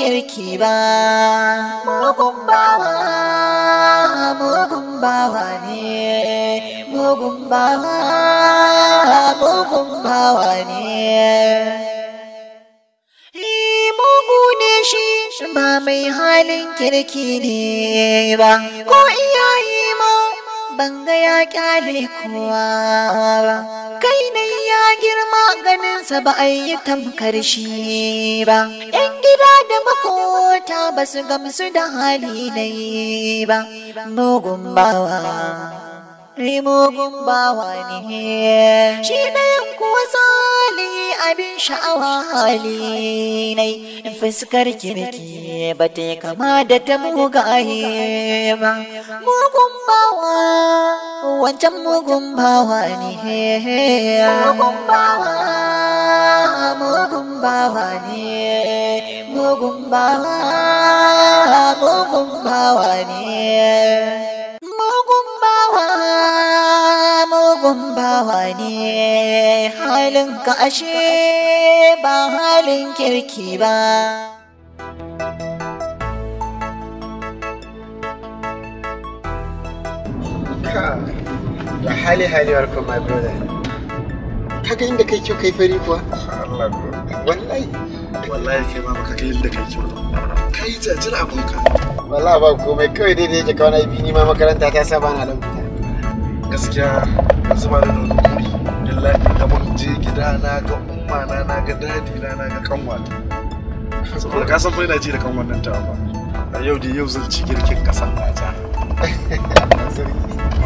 kirki ba mugun bawa mugun bawa ne mugun bawa mugun bawa ne ba mai halin kirki ne ba ko iyaye banga ya kyale kowa ba kai ne ya girma ganinsa ba a yi tamkar shi ba yan gida da makota ba su gamsu da hali na ba mugun bawa ni mugun bawa ne shi ɗayan kuwa tsali abin sha'awa hali ne fuskar kirki ba ta yi kama da ta mugaye ba mugun bawa wancan mugun bawa ne mugun bawa mugun bawa ne mugun bawa mugun bawa ne mugun bawa ne halin kashi ba halin kirki ba. da hali hali warko my brother kaga inda kai kyau kai fari kuwa wallahi wallahi kai ma baka kai inda kai kyau kai jajira abunka wallahi ba komai kawai dai da yake kawai na ibi ni ma makaranta ta saba na lauta gaskiya zuba da nuna guri wallahi da mun je gida na ga umma na na ga dadi na na ga kanwata saboda ka san fa ina ji da kan wannan ta ba a yau da yau zan ci girkin kasar Naja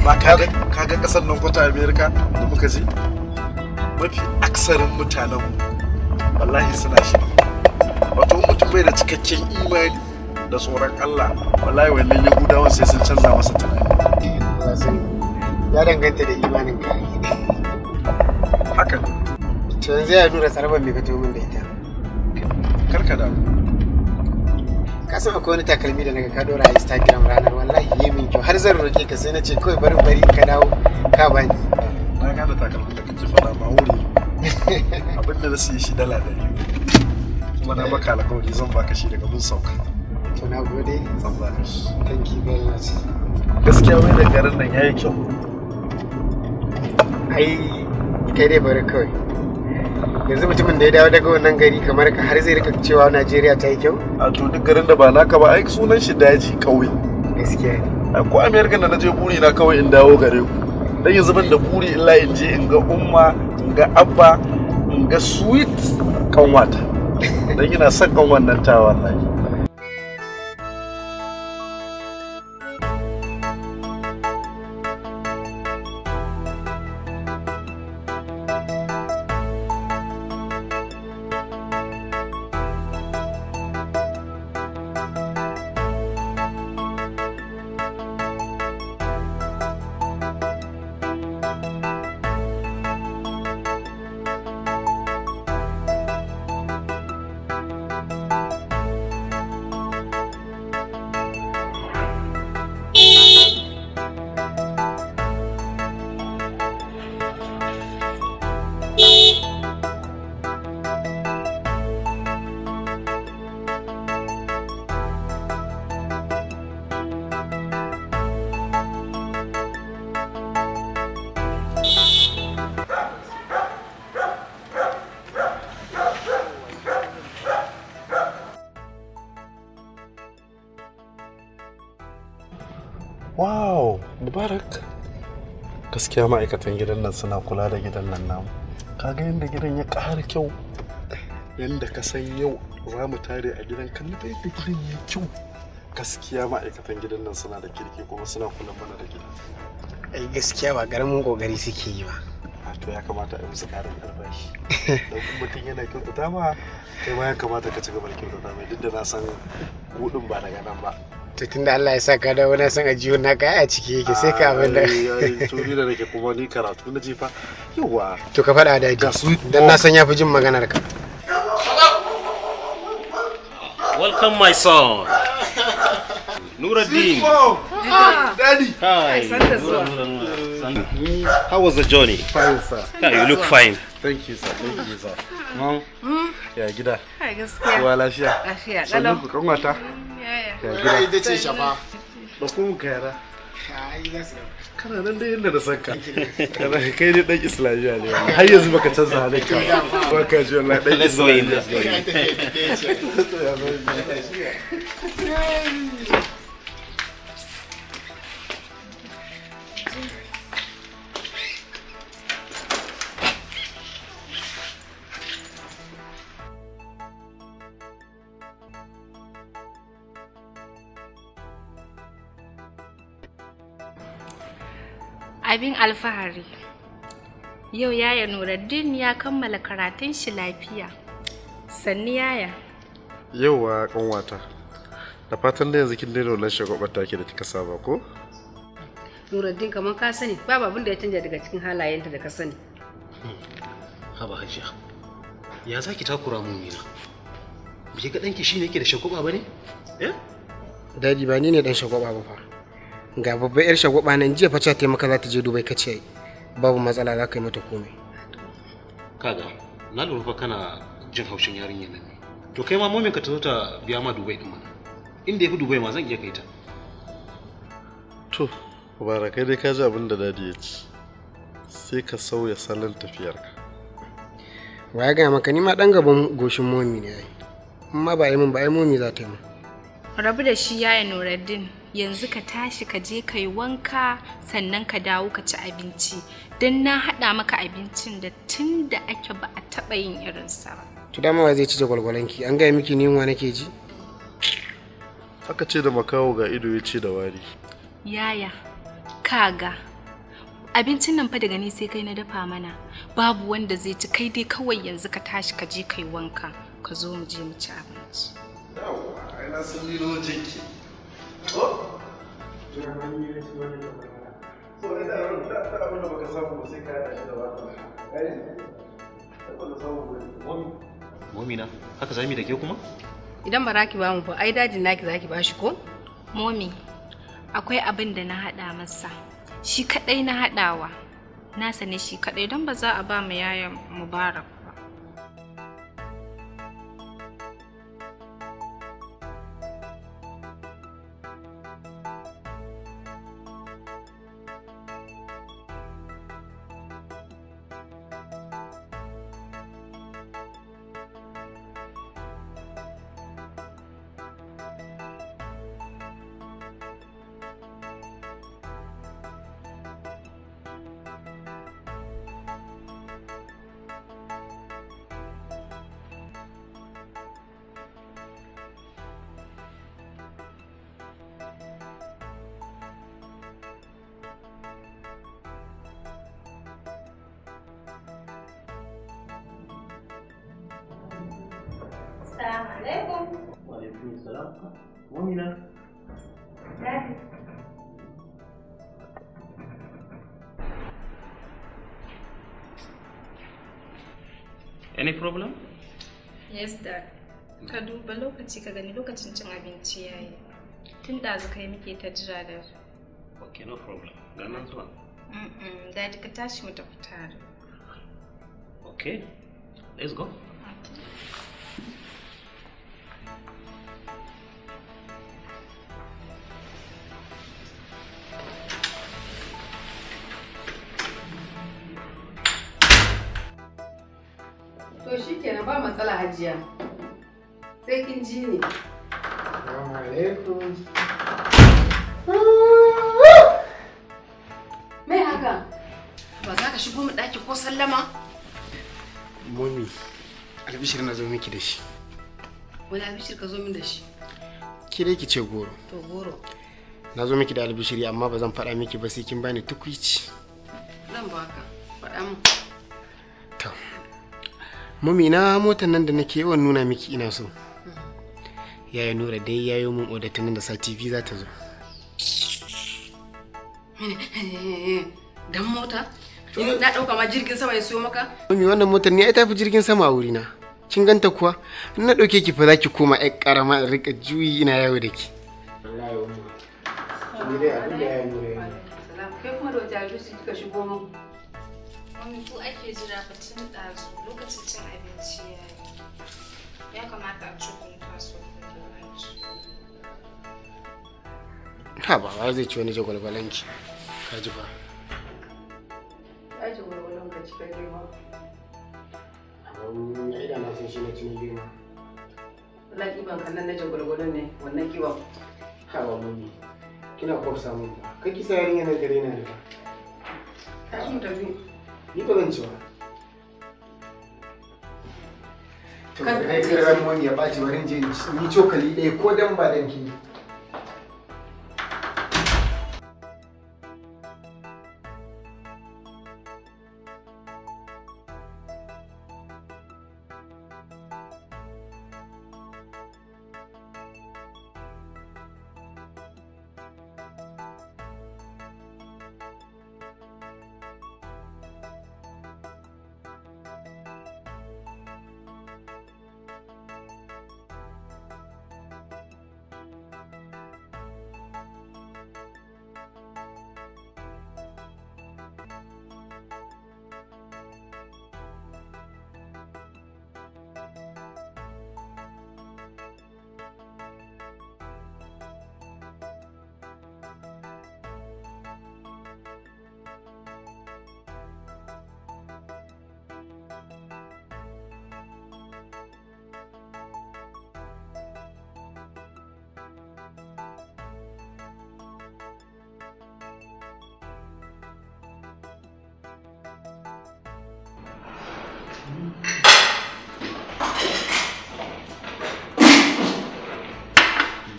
ba kaga kaga kasar nan kwata America da muka ji mafi aksarin mutanen wallahi suna shi wato mutum bai da cikakken imani da tsoron Allah wallahi wannan yahudawan sai sun canza masa tunani ya danganta da imanin ka haka to yanzu ya nuna tsarabar mai fito min da ita karka da ka san akwai wani takalmi da naga ka dora a instagram ranar wallahi yi min kyau har zan roke ka sai na ce kawai bari bari ka dawo ka bani na ga da takalmin da kake faɗa ba wuri abin da zai shi dala ɗari kuma na baka alƙawari zan baka shi daga mun sauka to na gode zan baka shi thank you very much gaskiya wai da garin nan yayi kyau ai kai dai bari kawai yanzu mutumin da ya dawo daga wannan gari kamar ka har zai rika cewa najeriya ta yi kyau a to duk garin da ba naka ba ai sunan shi daji kauye gaskiya ne ko amerika da na je buri na kawai in dawo gare ku dan yanzu ban da buri illa in je in ga umma in ga abba in ga sweet kanwata dan yana son kanwan nan ta wallahi mubarak gaskiya ma'aikatan gidan nan suna kula da gidan nan namu kaga yadda gidan ya ƙara kyau yadda ka san yau za mu tare a gidan kan da yadda gidan ya kyau gaskiya ma'aikatan gidan nan suna da kirki kuma suna kula mana da gidan ai gaskiya ba garamin kokari suke yi ba to ya kamata a yi musu karin albashi don kuma mutum yana kyautata ma kai ma ya kamata ka ci gaba da kyautata mai duk da na san gudun ba daga nan ba to tunda Allah ya sa ka dawo na san ajiyo na kai a ciki yake sai ka abin da to ni da nake kuma ni karatu na jefa yawa to ka faɗa da ji dan na san yafi jin maganar ka welcome my son Nuruddin daddy hi how was the journey fine sir you look fine thank you sir thank you sir Mam. Hmm? Ya gida. Kai gaskiya. Kowa lafiya. Lafiya kalau. Sannu ku Ya ce shafa. Ba ku Kana nan dai yadda da sanka. Kana kai ne ɗan Islamiyya ne. Har yanzu baka canza halinka. Baka ji Let's go in. Let's go in. abin alfahari yau yaya nuruddin ya kammala karatun shi lafiya sanni yaya yauwa kanwata da fatan da yanzu kin daina wannan shagwabar take da kika saba ko nuruddin kamar ka sani babu abin da ya canja daga cikin halayenta da ka sani hmm. haba hajiya ya za ki takura mun ne bai ga danki shine ne da shagwaba ba ne eh daji ba ni ne dan shagwaba ba fa ga babbar yar shagwaba nan jiya fa ta taimaka za ta je dubai kace babu matsala za ka yi mata komai kaga na lura fa kana jin haushin yarinya nan to kai ma ka ta zo ta biya ma dubai din mana inda yafi dubai ma zan iya kai ta to baraka dai ka ji abin da dadi ya ci sai ka sauya salon tafiyarka waya ga maka ni ma dan gaban goshin momi ne ai amma ba yi mun ba ai momi za ta yi min rabu da shi yaya nuruddin yanzu ka tashi ka je ka yi wanka sannan ka dawo ka ci abinci don na haɗa maka abincin da tun da ake ba a taɓa yin irinsa ba. To dama wa zai ci da gwalgwalanki an gaya miki ni, wani nake ji? Aka ce da makawo ga ido ya ce da wari. Yaya, kaga, abincin nan fa daga ni sai kai na dafa mana babu wanda zai ci kai dai kawai yanzu ka tashi ka je kai wanka ka zo mu je mu ci abinci. Yawwa, ai na san ni lokacin ki. ko? momi na haka zami da ke kuma? idan ba raki ba mu ba ai dajin naki zaki ba shi ko? momi akwai abin da na haɗa masa shi kaɗai na haɗawa na sane shi kaɗai don ba za a ba mu yayan mubarak Assalamu alaikum. Wa alaikum salam. Mumina. Any problem? Yes, dad. Ka duba lokaci ka gani lokacin cin abinci ya yi. Tun ɗazu kai muke ta jira da. ok no problem. Ganan zuwa. Mm-mm, dadi ka tashi mu tafi tare. Okay, let's go. Nadia. Sai kin ji ni. Mai haka? Ba za ka shigo mu ɗaki ko sallama? Mami, albishir na zo miki da shi. Wani albishir ka zo min da shi? Ki dai ki ce goro. To goro. Na zo miki da albishiri amma ba zan faɗa miki ba sai kin bani tukwici. Zan baka. Faɗa mu. mami na motar nan da nake yawan nuna miki ina so yayi nura dai ya yi mun oda tunan da sati biyu za ta zo dan mota na ɗauka ma jirgin sama ya siyo maka mami wannan motar ne ai tafi jirgin sama a wurina kin ganta kuwa in na ɗauke ki fa za ki koma ai karama in rika juyi ina yawo da ki wallahi wannan ni dai abin da ya nura ne kai kuma da kika shigo mu Mami ku ake jira fa tun ɗazu lokacin cin abinci ya yi. Ya kamata a cikin taso Ha ba ba zai ci wani jagwalgwalanki. Ka ji ba. Ya jagwalgwalanka cikin girma. Ya ida na san shi na cikin girma. Wannan kiban kan nan na jagwalgwalan ne wannan kiban. Ha ba mami. Kina kwafsa mun ba. Kai kisa yarinya na gare na ne ba. Ka mu tafi. Ni ba To, kai ya baci barin je ni cokali ɗaya ko dan ba dan ki.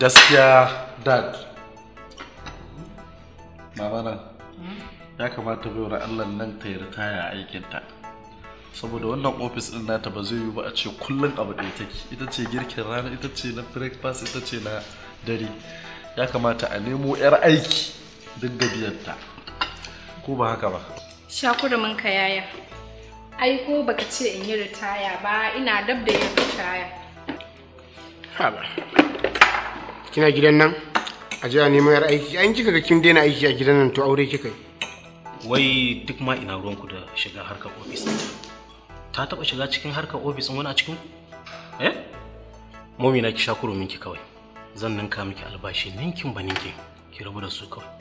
gaskiya dad mamana hmm? ya kamata wani allah nan ta yi ritaya a aikinta saboda wannan ofis din nata ba zai yi ba a ce kullum abu ya take ita ce girkin rana ita ce na breakfast ita ce na dare ya kamata a nemo 'yar aiki duk gabiyarta ko ba haka ba da ka yaya ai ko baka ce in yi ritaya ba ina dab da yin ritaya haba kina gidan nan a jiya neman yar aiki an kika ga kin daina aiki a gidan nan to aure kika yi wai duk ma ina ruwan ku da shiga harkar ofis ta taba shiga cikin harkar ofis wani a cikin ku eh momi na ki shakuru minki kawai zan ninka miki albashi ninkin ba ninkin ki rabu da su kawai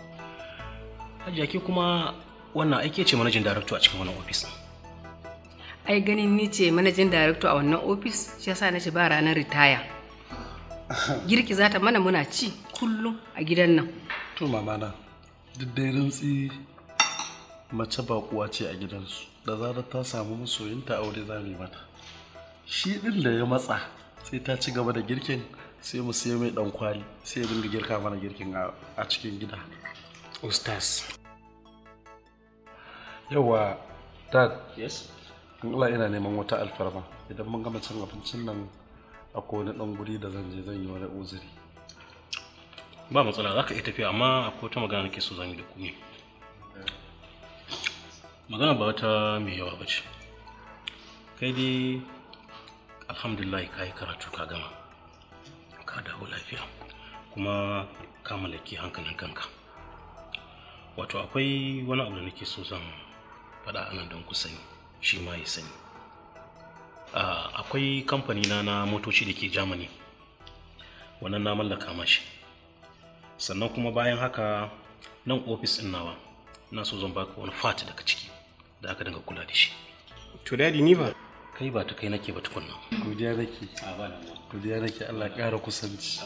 hajiya ke kuma wannan aike ce manajin director a cikin wannan ofis ai ganin ni ce manajin director a wannan ofis shi yasa na ce ba ranar ritaya girki za ta mana muna ci kullum a gidan nan to mamana duk dai rintsi mace ba kuwa ce a gidansu da zarar ta samu masoyinta aure za mu yi mata shi din da ya matsa sai ta ci gaba da girkin sai mu sai mai dan kwali sai ya dinga girka mana girkin a cikin gida ustaz yawa dad yes Allah ina neman wata alfarma idan mun gama cin abincin nan akwai wani ɗan guri da zan je zan yi wani uzuri ba matsala za ka iya tafiya amma akwai ta magana nake so zan yi da ku ne magana ba wata mai yawa ba ce kai dai alhamdulillah ka yi karatu ka gama ka dawo lafiya kuma ka mallaki hankalin kanka wato akwai wani abu da nake so zan faɗa anan don ku sani shi ma ya sani Ah, akwai kamfani na na motoci da ke germany wannan na mallaka mashi sannan kuma bayan haka nan ofis din nawa na so zan baka wani fat daga ciki da aka dinga kula da shi to daddy ni ba kai ba ta kai nake ba tukunna godiya nake godiya nake Allah ya ƙara kusanci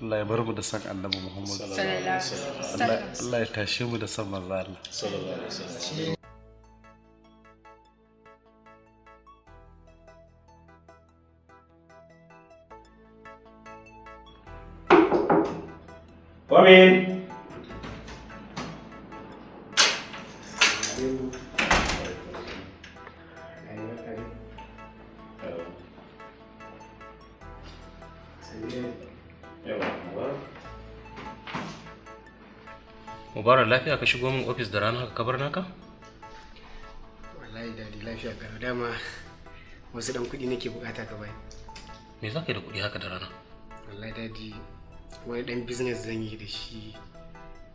Allah ya bar mu da san Annabi Muhammad sallallahu alaihi wasallam Allah ya tashe mu da san manzo Allah sallallahu alaihi wasallam Come in. Mubarak lafiya ka shigo min ofis da rana ka kabar naka? Wallahi dadi lafiya ka dama wasu dan kuɗi nake bukata ka bai. Me za ka yi da kuɗi haka da rana? Wallahi dadi wani dan business zan yi da shi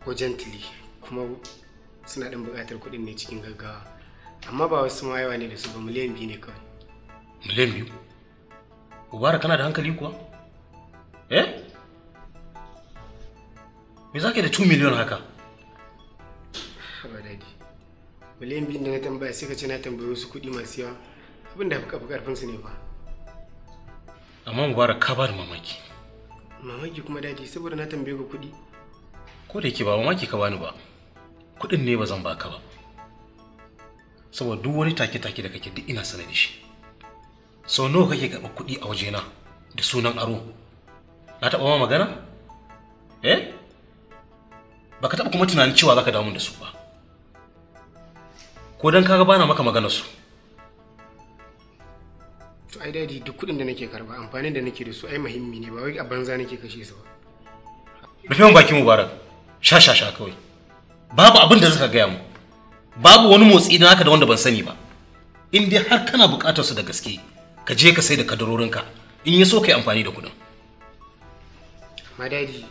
urgently kuma suna dan bukatar kudin ne cikin gaggawa amma ba wasu ma yawa ne da su ba miliyan biyu ne kawai miliyan biyu ubara kana da hankali kuwa eh me zaka da 2 miliyan haka dadi miliyan biyu da na tambaya sai ka ce na tambayi wasu kudi masu yawa abin da fi karfin su ne ba amma mubarak ka ba da mamaki Mamaki kuma daji saboda na tambaye ka kuɗi. Ko da yake ba mamaki ka bani ba. Kuɗin ne ba zan baka ba. Saboda duk wani take-take da kake duk ina sanar da shi. Sau nawa kake karɓar kuɗi a wajena da sunan aro? Na taɓa ma magana? Eh? Baka taɓa kuma tunanin cewa zaka damu da su ba. Ko dan kaga bana maka magana su. to ai dadi duk kuɗin da nake karba amfanin da nake da su ai muhimmi ne ba wai a banza nake kashe su ba rufe mu baki mubarak sha sha sha kawai babu abin da zaka gaya mu babu wani motsi na haka da wanda ban sani ba in dai har kana bukatar su da gaske ka je ka sai da kadarorinka in ya so kai amfani da kuɗin daji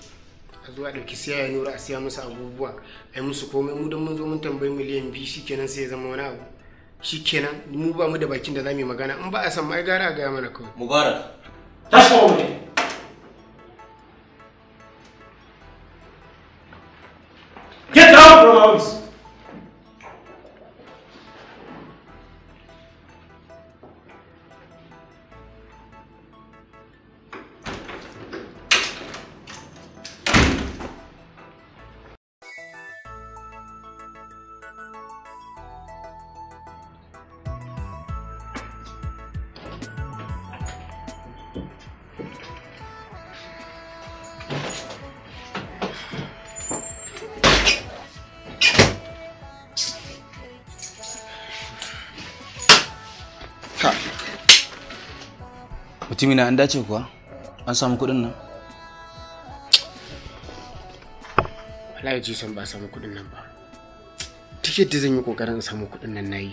a zuwa ɗauki siya ya nura a siya musu abubuwa ai musu komai mu don mun zo mun tambayi miliyan biyu shikenan sai ya zama wani abu shi kenan mu ba mu da bakin da za mu yi magana in ba a san mai gara a gaya mana kawai mubarak tashi mu Get out from our office! mutumi na an dace kuwa an samu kudin nan wallahi jisan ba samu kudin nan ba duk yadda zan yi kokarin in samu kudin nan nayi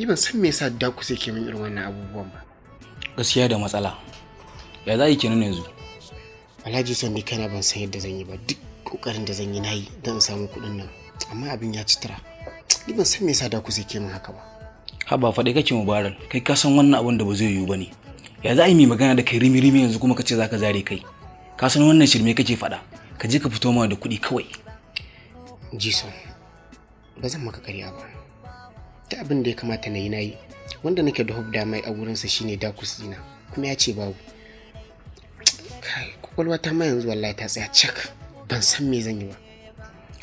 ni ban san me yasa da ku sai ke min irin wannan abubuwan ba gaskiya da matsala ya za yi kenan yanzu wallahi alhaji ni kana ban san yadda zan yi ba duk kokarin da zan yi nayi yi don in samu kudin nan amma abin ya ci tara ni ban san me yasa da ku sai ke min haka ba haba faɗi kake mubarak kai ka san wannan abin da ba zai yiwu ba ne ya za a yi mai magana da kai rimi rimi yanzu kuma ka ce za ka zare kai ka san wannan shirme kake faɗa ka je ka fito mana da kuɗi kawai jisun ba zan maka karya ba ta abin da ya kamata na yi na yi wanda nake da hobda damai a wurinsa shine dakus dina kuma ya ce babu kai kwakwalwa ta ma yanzu wallahi ta tsaya cak ban san me zan yi ba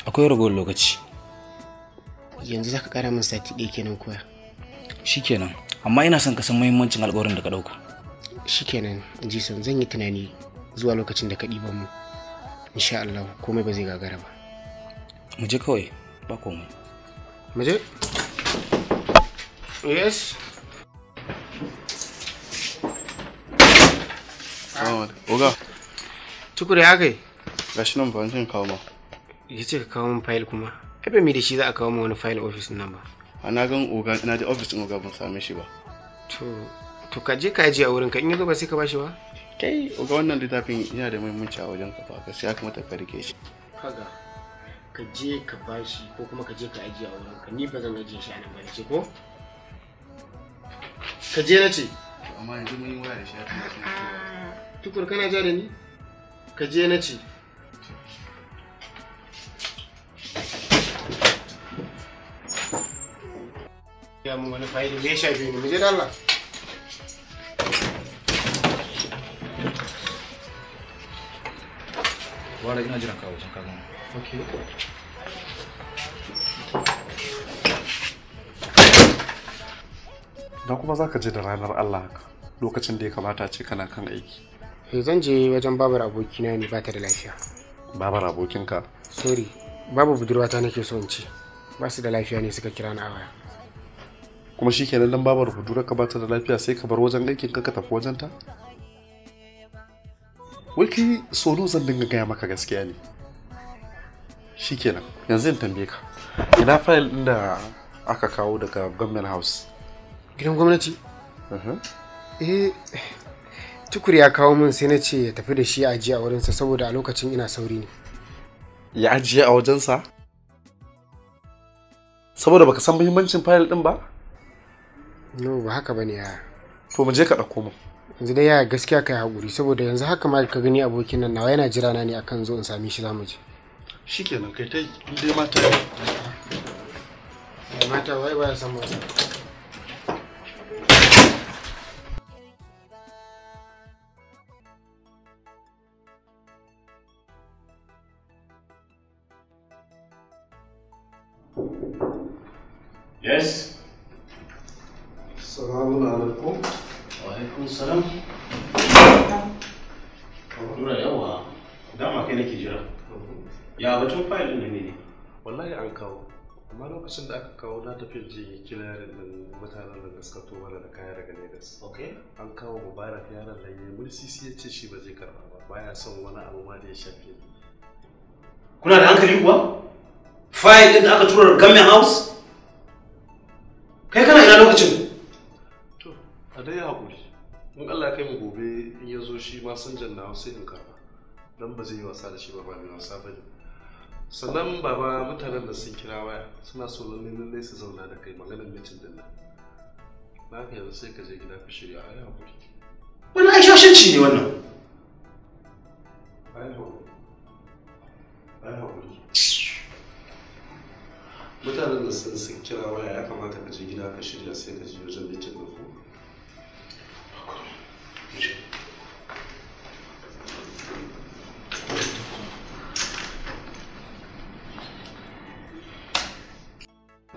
akwai ragowar lokaci yanzu za ka kara min sati ɗaya kenan koya shikenan amma ina son ka san muhimmancin alƙawarin da ka ɗauka shikenan jason zan yi tunani zuwa lokacin da ka ɗiba mu insha Allah komai ba zai gagara ba mu je kawai ba komai mu je yes oga tukur ya kai shi nan ba zan kawo ma ya ce ka kawo min fayil kuma ebe mi da shi za a kawo min wani fayil ofis nan ba a na gan oga na je ofis din oga ban same shi ba to to ka je ka ajiye a wurinka in yazo ba sai ka bashi ba kai ga wannan littafin yana da muhimmanci a wajen ka fa gaskiya kamata ka rike shi kaga ka je ka bashi ko kuma ka je ka ajiye a wurinka ni ba zan ajiye shi a nan ba ce ko ka je na ce amma yanzu mun yi waya da shi tukur kana ja da ni ka je na ce ya mu wani fa'ida me ya shafi ni mu je da Allah wala ina jiran kawo wajen kazo okay da kuma ka je da ranar Allah lokacin da ya kamata ce kana kan aiki eh, zan je wajen babar abokina ne ba ta da lafiya babar abokinka sorry babu budurwata nake so in ce ba su da lafiya ne suka kira na waya kuma shi kenan dan babar budurarka ba ta da lafiya sai ka bar wajen aikin ka ka tafi wajen ta waki tsoro zan dinga gaya maka gaskiya ne shikenan yanzu in tambaye ka ina fayil ɗin da aka kawo daga gwamnan house gidan gwamnati uh-huh. eh tukur ya kawo min sai na ce ya tafi da shi a ajiye a wurinsa saboda a lokacin ina sauri ne ya ajiye a wajensa saboda baka san muhimmancin fayil din ba no ba haka bane ya to mu je ka ɗauko mu yanzu dai yaya gaskiya kai haƙuri saboda yanzu haka ma ka gani abokin nan nawa yana jira na ne akan zo in sami shi mu je shikenan kai tai dai mata mata wai ba san mata Yes. Assalamu alaikum. Wa'alaikun salam. Nura yawa, dama kai nake jira. Ya batun fayil ɗin ne. Wallahi an kawo. amma lokacin da aka kawo na tafi ji kila yaran nan mutanen da suka to da kaya daga Lagos. An kawo Mubarak yaran nan ya mulsisi ya ce shi ba zai karɓa ba baya son wani abu ma da ya shafe ni. Kuna da hankali kuwa? Fayil ɗin da aka tura da Gamin House? Kai kana ina lokacin? a dai haƙuri in Allah ya kai mu gobe in ya zo shi ma sun janna sai in karba dan ba zai yi wasa da shi ba ba mai wasa bane sannan baba mutanen da sun kira waya suna so lalle lalle su zauna da kai maganar mitin din nan ba ka yanzu sai ka je gida ka shirya a yau haƙuri. wani ci ne wannan ai haƙuri ai haƙuri mutanen da sun kira waya ya kamata ka je gida ka shirya sai ka je wajen mitin din nan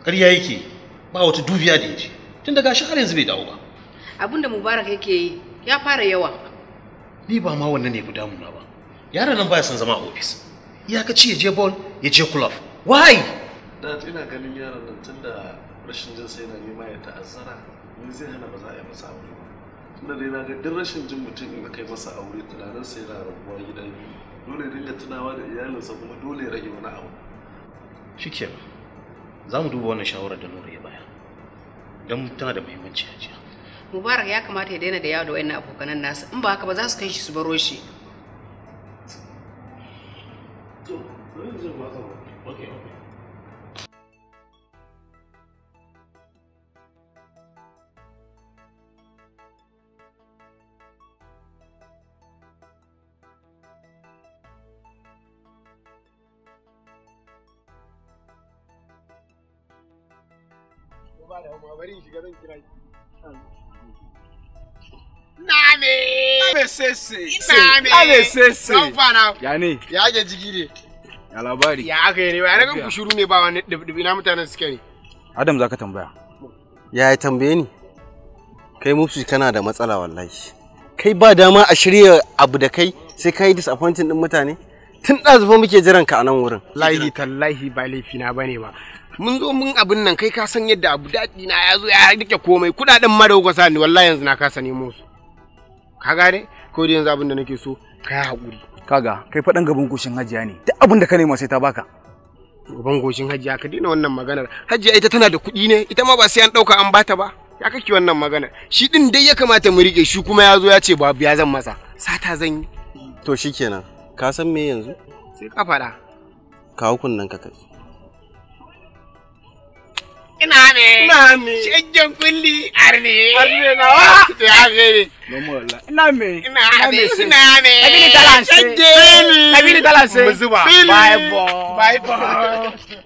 ƙarya yake ba wata dubiya da yaji tun daga shi har yanzu bai dawo ba abin da mubarak yake yi ya fara yawa ni ba ma wannan ne fi damuna ba yaron nan baya son zama a ofis ya ka ci ya je ball ya je club why da ina ganin yaran nan tun da rashin jin sai na nema ya ta'azzara ni zai hana ba za a yi masa aure ba tunda dai na ga duk rashin jin mutum in kai masa aure tunaninsa yana rabuwa gida biyu dole dinga tunawa da iyalinsa kuma dole ya rage wani abu shike za mu duba wannan shawarar da nura ya baya don tana da muhimmanci a jiya mubarak ya kamata ya daina da yawo da wayannan abokanan nasa in ba haka ba za su kai shi su baro shi to zai ba ka ba ok bari shiga zan kira ki Name! Abesese! Name! Abesese! Kamfana! Ya ne? Ya ga jigire. Ya labari. Ya aka yi kushuru ne ba wani ɗabɗabi na mutanen suke ne. Adam za ka tambaya. Ya yi tambaye ni? Kai mufti kana da matsala wallahi. Kai ba dama a shirya abu da kai sai ka yi disappointing ɗin mutane? Tun ɗazu fa muke jiran ka a nan wurin. Lahi tallahi ba laifina ba ne ba. mun zo mun abin nan kai ka san yadda abu daɗi na ya zo ya rike komai kuɗaɗen madaukasa ne wallahi yanzu na kasa nemo su ka gane ko da yanzu abin da nake so kai haƙuri kaga kai faɗan gaban goshin hajiya ne duk abin da ka nema sai ta baka gaban goshin hajiya ka daina wannan maganar hajiya ita tana da kuɗi ne ita ma ba sai an ɗauka an bata ba ya kake wannan maganar shi din dai ya kamata mu rike shi kuma ya zo ya ce babu ya zan masa sata zan yi to shikenan ka san me yanzu sai ka faɗa kawo kunnen ka kai Nami. Nami. Shejon kuli arni. Arni na wa. Tu avere. Nomo la. Nami. Nami. Nami. Ebi ni talanse. Ebi ni talanse. Mziwa. Bye bo. Bye bo.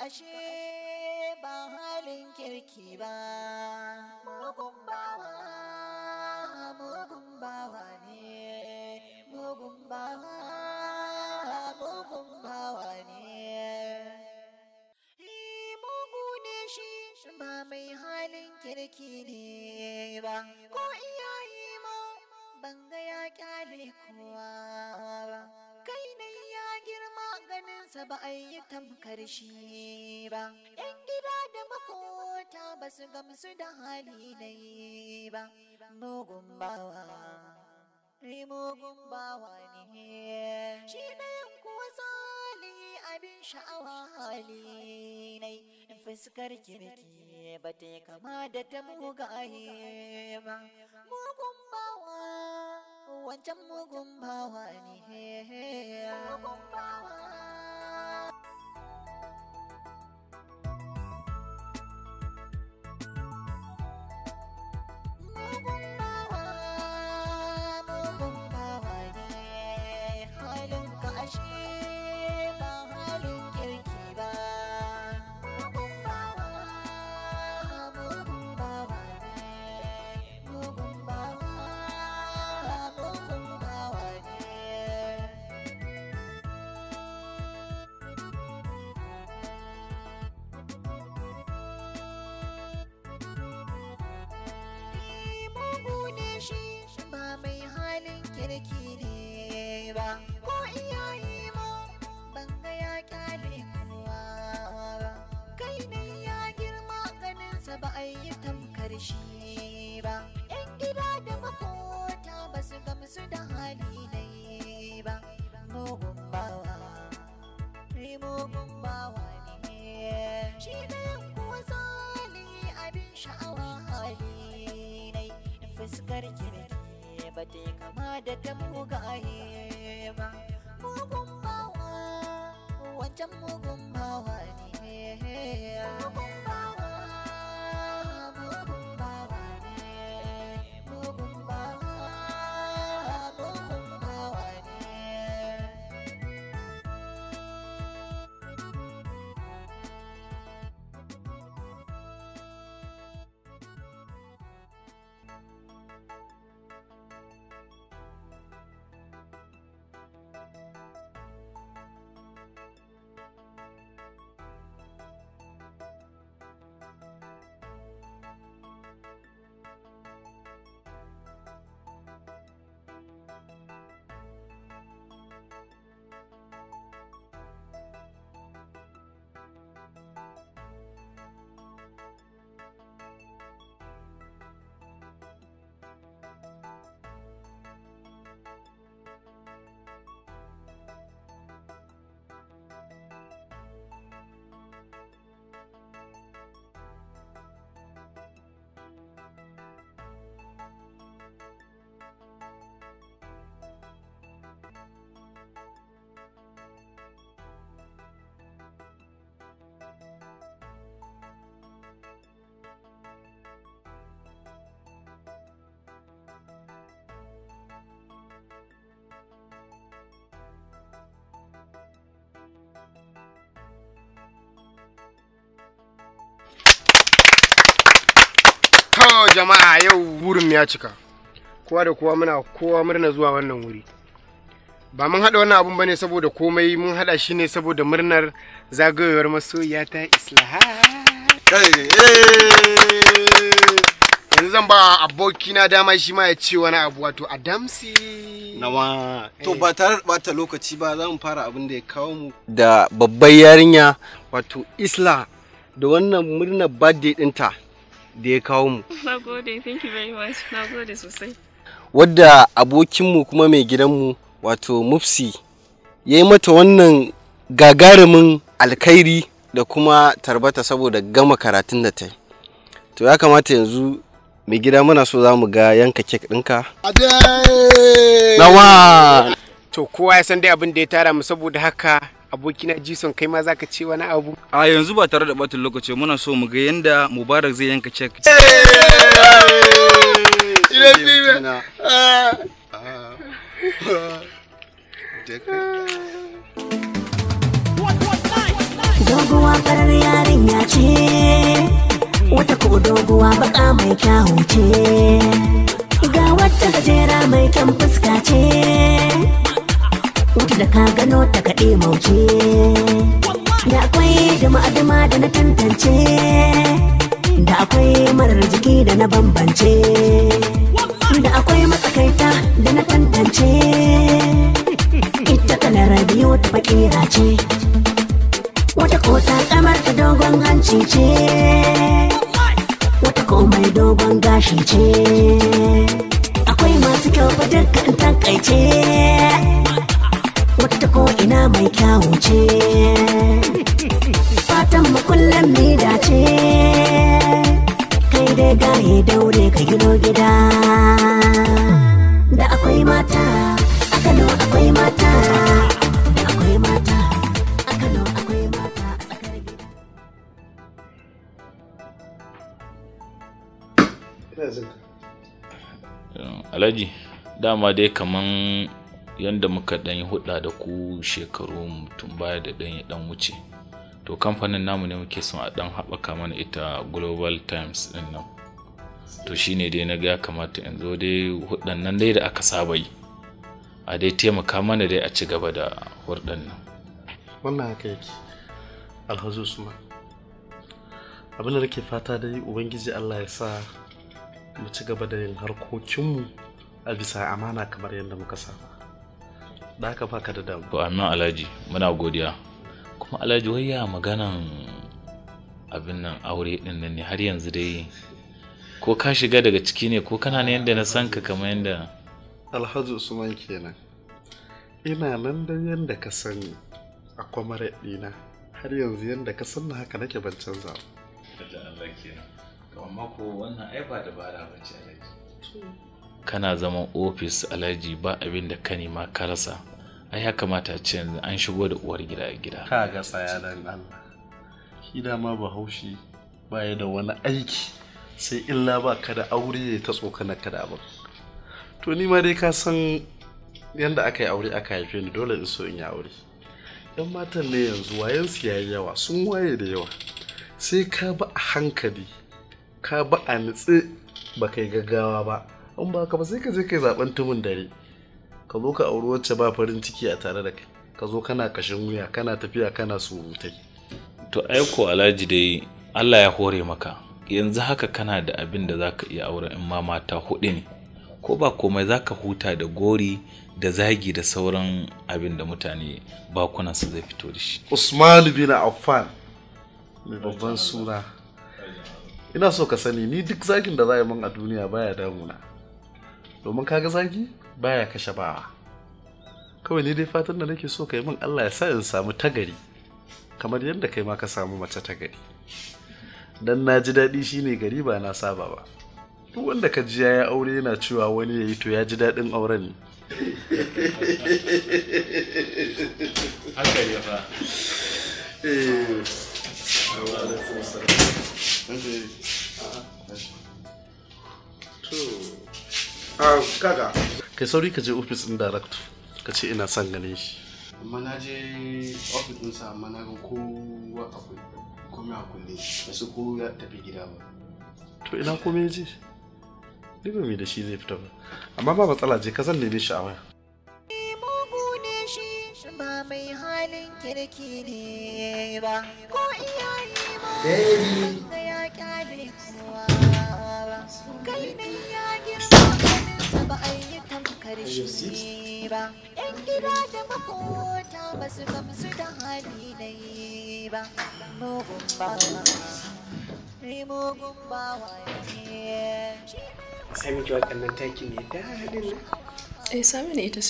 ashe ba halin kirki ba mugun bawa mugun bawa ne mugun bawa mugun bawa ne mugu ne shi ba mai halin kirki ne ba sa ba a yi tamkar shi ba. ‘Yan gida da makota ba su gamsu da hali na yi ba, mugun bawa. Mugun bawa ne, shi na kuwa sali abin sha'awa hali yi fuskar kirki ba ta yi kama da ta mugaye ba. Mugun bawa, wancan mugun bawa ne, mugun bawa. Kere ki ba kama da ta ga jama'a yau burin ya cika kowa da kowa muna kowa murna zuwa wannan wuri ba mun haɗa wannan abun bane saboda komai mun haɗa shi ne saboda murnar zagayowar masoyiya ta islaha eh! yanzu zan ba abokina dama shi ma ya ce wani abu wato adamsi nawa to eh. ba tare da bata lokaci ba za mu fara abin da ya kawo mu da babbar yarinya wato isla da wannan murnar birthday dinta. da ya kawo mu na gode thank you very much na sosai wadda abokinmu kuma mai gidanmu wato mufsi ya yi mata wannan gagarumin alkhairi da kuma tarbata saboda gama karatun da ta yi to ya kamata yanzu mai gida muna so za mu ga yanka kek ɗinka nawa to kowa ya san dai abin da ya tara mu saboda haka abokina jison kai ma ka ce wani abu a yanzu ba tare da batun lokaci muna so mu ga yadda mubarak zai yanka cek doguwa farar yarinya ce wata ko doguwa baka mai kyawu ce ga wata gajera mai kyan fuska ce wuce da ka gano ta kaɗe mauce da akwai dama-dama da na tantance da akwai marar jiki da na bambance da akwai matsakaita da na tantance ita kalar biyu ta fakira ce wata ko ta kamar ta dogon hanci ce wata ko mai dogon gashi ce akwai masu kyau fa dukkan takaice wata ko ina mai kyawu ce fatan mu kullum ni dace kai dai gaye daure ka gino gida da akwai mata a Kano akwai mata da akwai mata a Kano akwai mata a tsakar Alhaji dama dai kaman yadda muka ɗan yi hudda da ku shekaru tun baya da ɗan ya ɗan wuce to kamfanin namu ne muke son a ɗan haɓaka mana ita global times ɗin nan to shine dai na ga kamata in zo dai huddan nan dai da aka saba yi a dai taimaka mana dai a ci gaba da hurdan nan wannan haka yake alhaji usman abin da nake fata dai ubangiji allah ya sa mu ci gaba da yin harkokinmu a bisa amana kamar yadda muka saba da haka baka da damu to amin alhaji muna godiya kuma alhaji wai ya maganan abin nan aure din nan ne har yanzu dai ko ka shiga daga ciki ne ko kana ne yadda na san ka kamar yadda alhaji usman kenan ina nan da yadda ka sani a kwamare dina har yanzu yadda ka sanna haka nake ban canza amma ko wannan ai ba dabara ba ce alhaji kana zaman ofis alhaji ba abin da ka nema ka rasa a ya kamata ce yanzu an shigo da uwar gida a gida ka ga tsaya dan Allah shi dama bahaushe baya da wani aiki sai illa ba ka da aure ya ta tsoka na kada ba to ni ma dai ka san yanda aka yi aure aka haife ni dole in so in yi aure yan matan ne yanzu wayan su yayi yawa sun waye da yawa sai ka ba a hankali ka ba a nitse ba kai gaggawa ba in ba ka ba sai ka je kai zaben tumun dare ka zo ka auri wacce ba farin ciki a tare da kai ka zo kana kashin wuya kana tafiya kana surutai to aiko alhaji dai Allah ya hore maka yanzu haka kana da abin da zaka iya aure in ma mata hudu ne ko ba komai zaka huta da gori da zagi da sauran abin da mutane bakunan su zai fito da shi Usman bin Affan mai babban suna ina so ka sani ni duk zagin da za yi min a duniya baya damuna domin kaga zagi baya kashe bawa kawai ni dai fatan da nake so ka yi min Allah ya sa in samu tagari kamar yadda kai ma ka samu mace tagari dan na ji daɗi shine gari ba na saba ba duk wanda ka ji ya aure yana cewa wani ya yi to ya ji daɗin auren ne eh. To kaga kai sauri ka je ofis din director ka ce ina son ganin shi amma na je ofis din sa amma na ga kowa akwai komai a kulle wasu ko ya tafi gida ba to ina komai je ni ba mai da shi zai fita ba amma ba matsala je ka zan neme shi a waya ba mai halin kirki ne ba ko iyaye ma ya kyale kowa ba kai ne ya girma ba a yi tamkar shi ba yan gida da makota ba su gamsu da hali na yi ba mugun eh, ba mugun ba wa ne sai miki waɗannan ne nan eh sami ne ita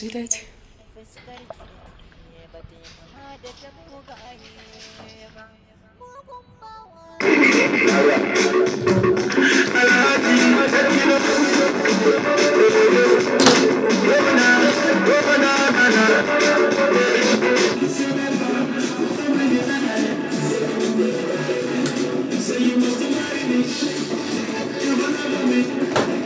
Alhaji na Thank you me. you me.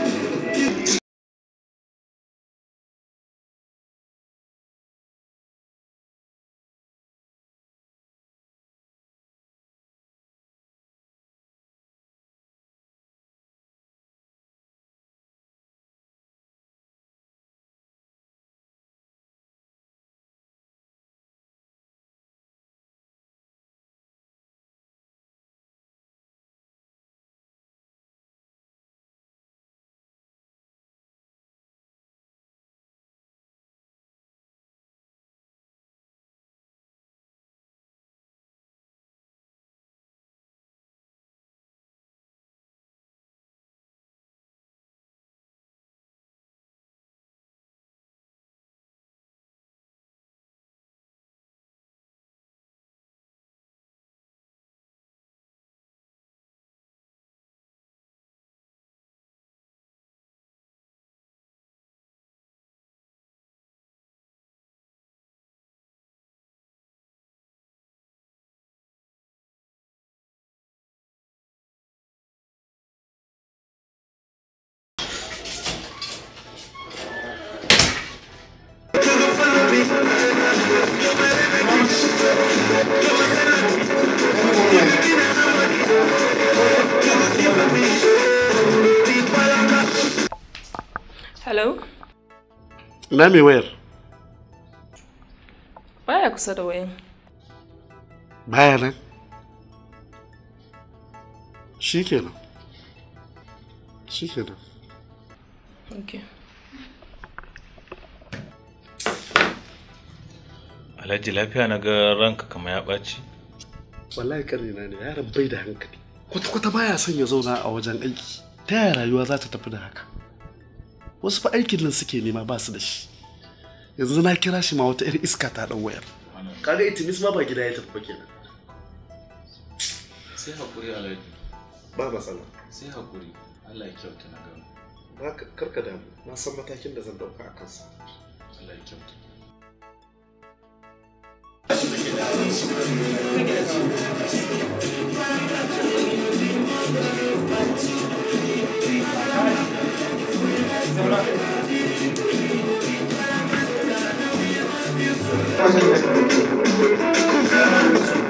ina mai wayar baya kusa da wayan baya nan shi kenan shi kenan okay. alhaji lafiya na ga ranka kamar ya ɓaci wallahi karni na ne yaron bai da hankali kwata-kwata baya son ya zauna a wajen aiki ta yaya rayuwa za ta tafi da haka wasu fa aikin nan suke nema ba su da shi yanzu na kira shi ma wata irin iska ta dan wayar kaga itimis ma ba gida ya tafi kenan sai hakuri alhaji ba matsala sai hakuri Allah ya kyauta na gama ba karka damu na san matakin da zan dauka a kansa Allah ya kyauta Thank you. Thank you.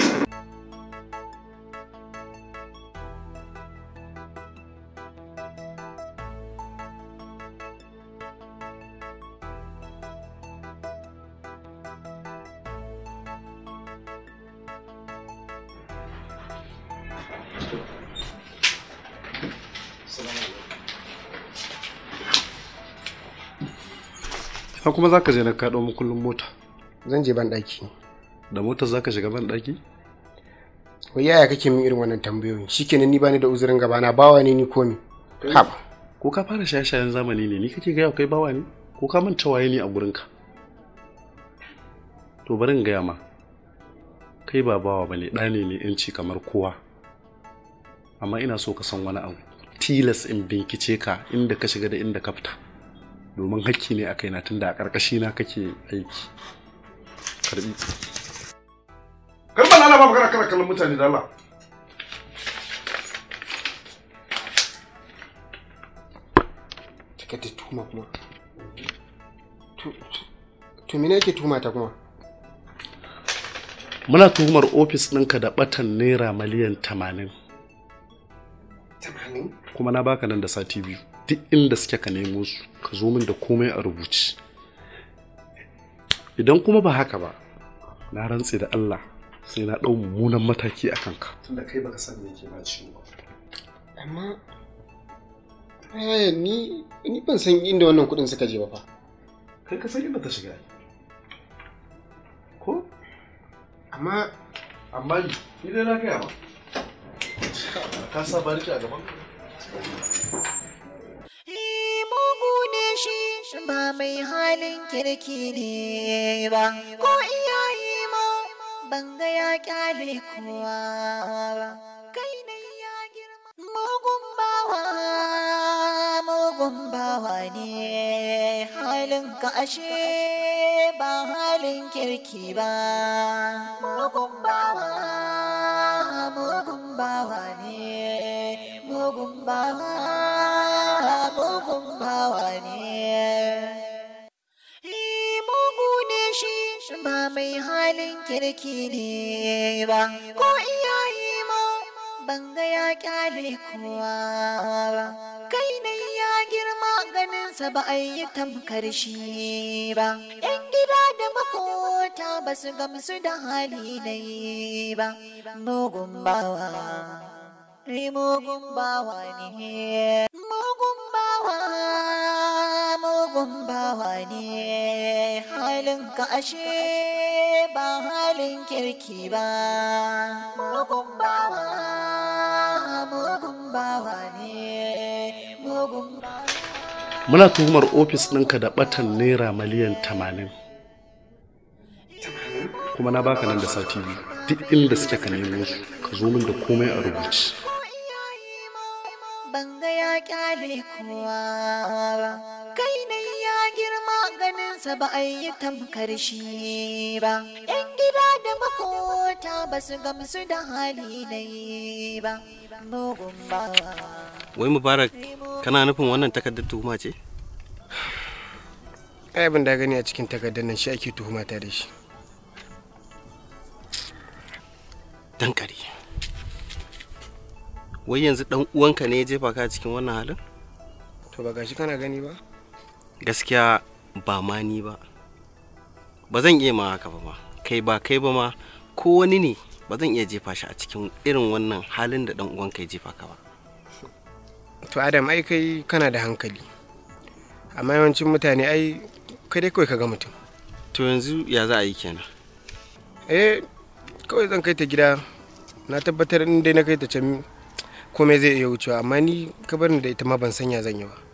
kuma za ka je na kaɗo mu kullum mota zan je ban ɗaki da motar za ka shiga ban ɗaki wai yaya kake min irin wannan tambayoyin shikenan ni bani da uzurin gaba na bawa ne ni komi haba ko ka fara shaye-shayen zamani ne ni kake gaya kai bawa ne ko ka manta waye ne a gurinka to bari in gaya ma kai ba bawa bane da ne in ci kamar kowa amma ina so ka san wani abu tilas in binkice ka inda ka shiga da inda ka fita domin hakki ne a kaina tunda a ƙarƙashi na kake aiki karbi karban Allah babu kana kana kallon mutane da Allah take ta tuma kuma to me yake tuma ta kuma muna tuhumar ofis ɗinka da batan naira miliyan 80 kuma na baka nan da sati biyu duk inda suke ka nemo su ka zo min da komai a rubuce idan kuma ba haka ba na rantse da Allah sai na ɗau mummunan mataki a kanka tunda kai baka san me yake ba ciwo amma Aya ni ni ban san inda wannan kuɗin suka je ba fa kai ka san inda ta shiga ko amma amma ni dai na kai ba ka sa bariki a gaban ka mugu shi ba mai halin kirki ne ba ko iyaye ma ban ga ya kyale kowa ba kai ne ya girma mugun bawa mugun bawa ne halin ka ashe ba halin kirki ba mugun bawa mugun bawa ne mugun bawa mugun bawa ne mugu ne shi ba mai halin kirki ne ba ko iyaye ma ban ga ya kyale kowa ba kai ne ya girma ganinsa ba a yi tamkar shi ba yan gida da makota ba su gamsu da hali na yi ba mugun bawa ni mugun bawa ne mugun bawa mugun bawa ashe ba halin kirki ba mugun bawa mugun bawa ne mugun bawa muna tuhumar ofis ɗinka da ɓatan naira miliyan tamanin kuma na baka nan da sati biyu duk inda suke ka nemo su ka zo min da komai a rubuce kyale kowa kai ne ya girma ganinsa ba a yi tamkar shi ba yan gida da makota ba su gamsu da hali na yi ba mugun ba wai mubarak kana nufin wannan takardar tuhuma ce ai abin da gani a cikin takardar nan shi ake tuhuma ta da shi dankari wai yanzu dan uwanka ne ya jefa ka cikin wannan halin to ba gashi kana gani ba gaskiya ba ma ni ba ba zan iya ma haka ba kai ba kai ba ma ko wani ne ba zan iya jefa shi a cikin irin wannan halin da dan uwanka ya jefa ka ba to adam ai kai kana da hankali amma yawancin mutane ai kai dai kawai ka ga mutum to yanzu ya za a yi kenan eh kawai zan kai ta gida na tabbatar in dai na kai ta can komai zai iya wucewa amma ni kabarin da ita ma ban sanya zan yi ba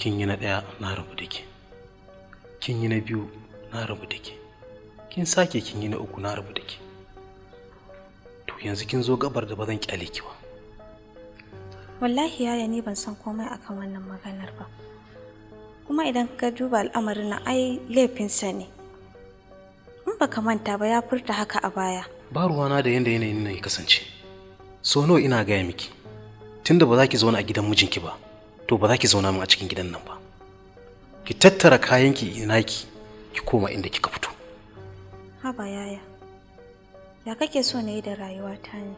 kin yi na ɗaya na rabu da kin yi na biyu na rabu da kin sake kin yi na uku na rabu da to yanzu kin zo gabar da ba zan kyale ki ba wallahi yaya ni ban san komai akan wannan maganar ba kuma idan ka duba al'amarin na ai laifinsa ne in ka manta ba ya furta haka a baya ba ruwa na da yanda yanayin nan ya kasance so nawa ina gaya miki tunda ba za ki zauna a gidan mijinki ba to ba za ki zauna min a cikin gidan nan ba ki tattara kayanki ina ki ki koma inda kika fito haba yaya ya kake so na yi da rayuwata ne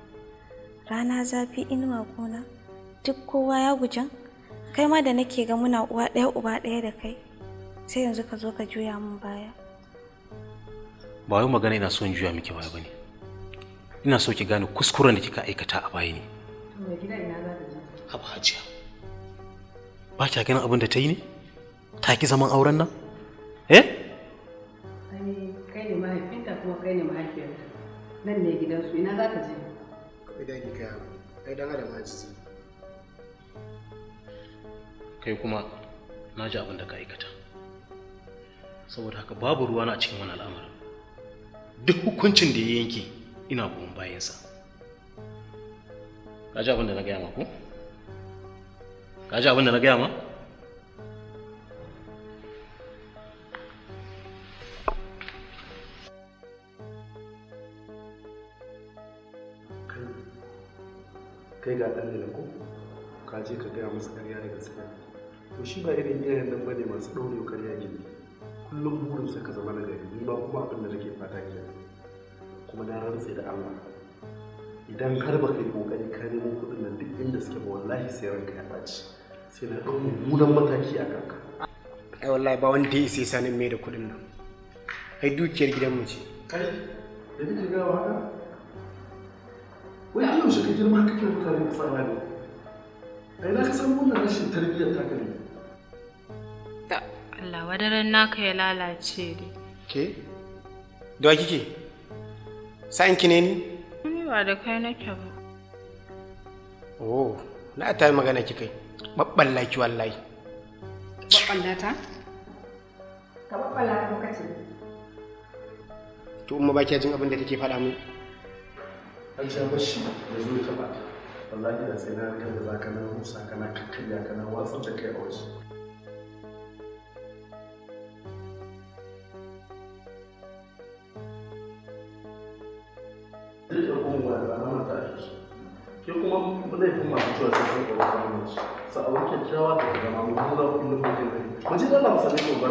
rana zafi inuwa gona duk kowa ya gujan kai ma da nake ga muna uwa ɗaya uba ɗaya da kai sai yanzu ka zo ka juya min baya ba wai magana ina so in juya miki baya bane ina so ki gane kuskuren da kika aikata a baya ne haba hajiya ba kya ganin abin da ta yi ne ta ki zaman auren nan eh kai ne mahaifinta kuma kai ne mahaifiyarta nan ne gidansu ina za ka je ka bi dangi kai ai dan adam ajizi kai kuma na ji abin da ka aikata saboda haka babu ruwa na cikin wani al'amarin duk hukuncin da ya yanke ina goyon bayansa ka ji abin da na gaya maku? ka ji abin da na gaya ma kai ga ɗan da ko ka gaya masa karya da gaskiya to shi ba irin iyayen nan bane masu ɗaure karya gini kullum burinsa ka zama na gari ni ba kuma abin da nake fata kenan kuma na rantse da Allah idan har baka yi kokari ka nemo kuɗin nan duk inda suke ba wallahi sai ranka ya ɓaci sai na mummunan mataki a kanka ai wallahi ba ya sanin mai da kuɗin nan ai dukiyar gidanmu ce kai da haka wai Allah shi ka girma kake mutane ne ai na ka san wannan rashin tarbiyyar ta ne da Allah wadaran naka ya lalace dai ke da kike sa'in ne ni ni kai nake ba oh na ta magana ki kai maɓallaki wallahi maɓallata ka maɓalla lokaci to umma baki jin abin da take faɗa min an sha bashi da zo ta ba wallahi da sai na kan da zaka nan musa kana kakkarya kana watsar da kai a waje Duk da kuma wani ranar ta ake, ke kuma laifin masu cewa sun san sa a wakil kyawa da zama mu zama kullum mutum ne. Mu ji Allah mu sani ko ba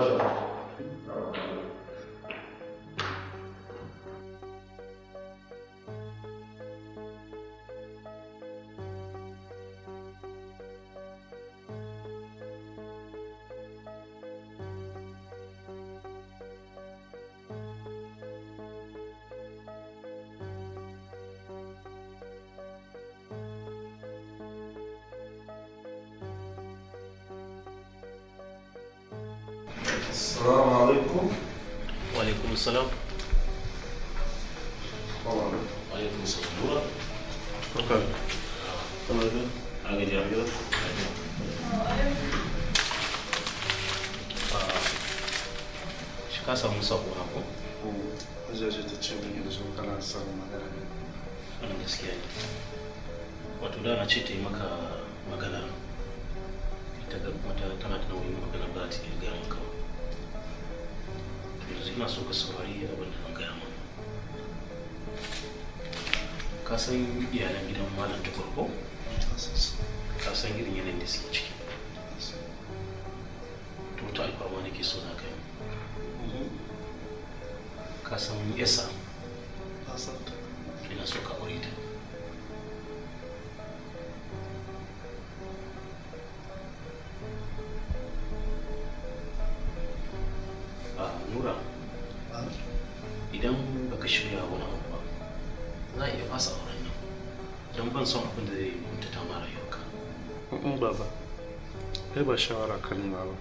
ba shawara ka nuna ba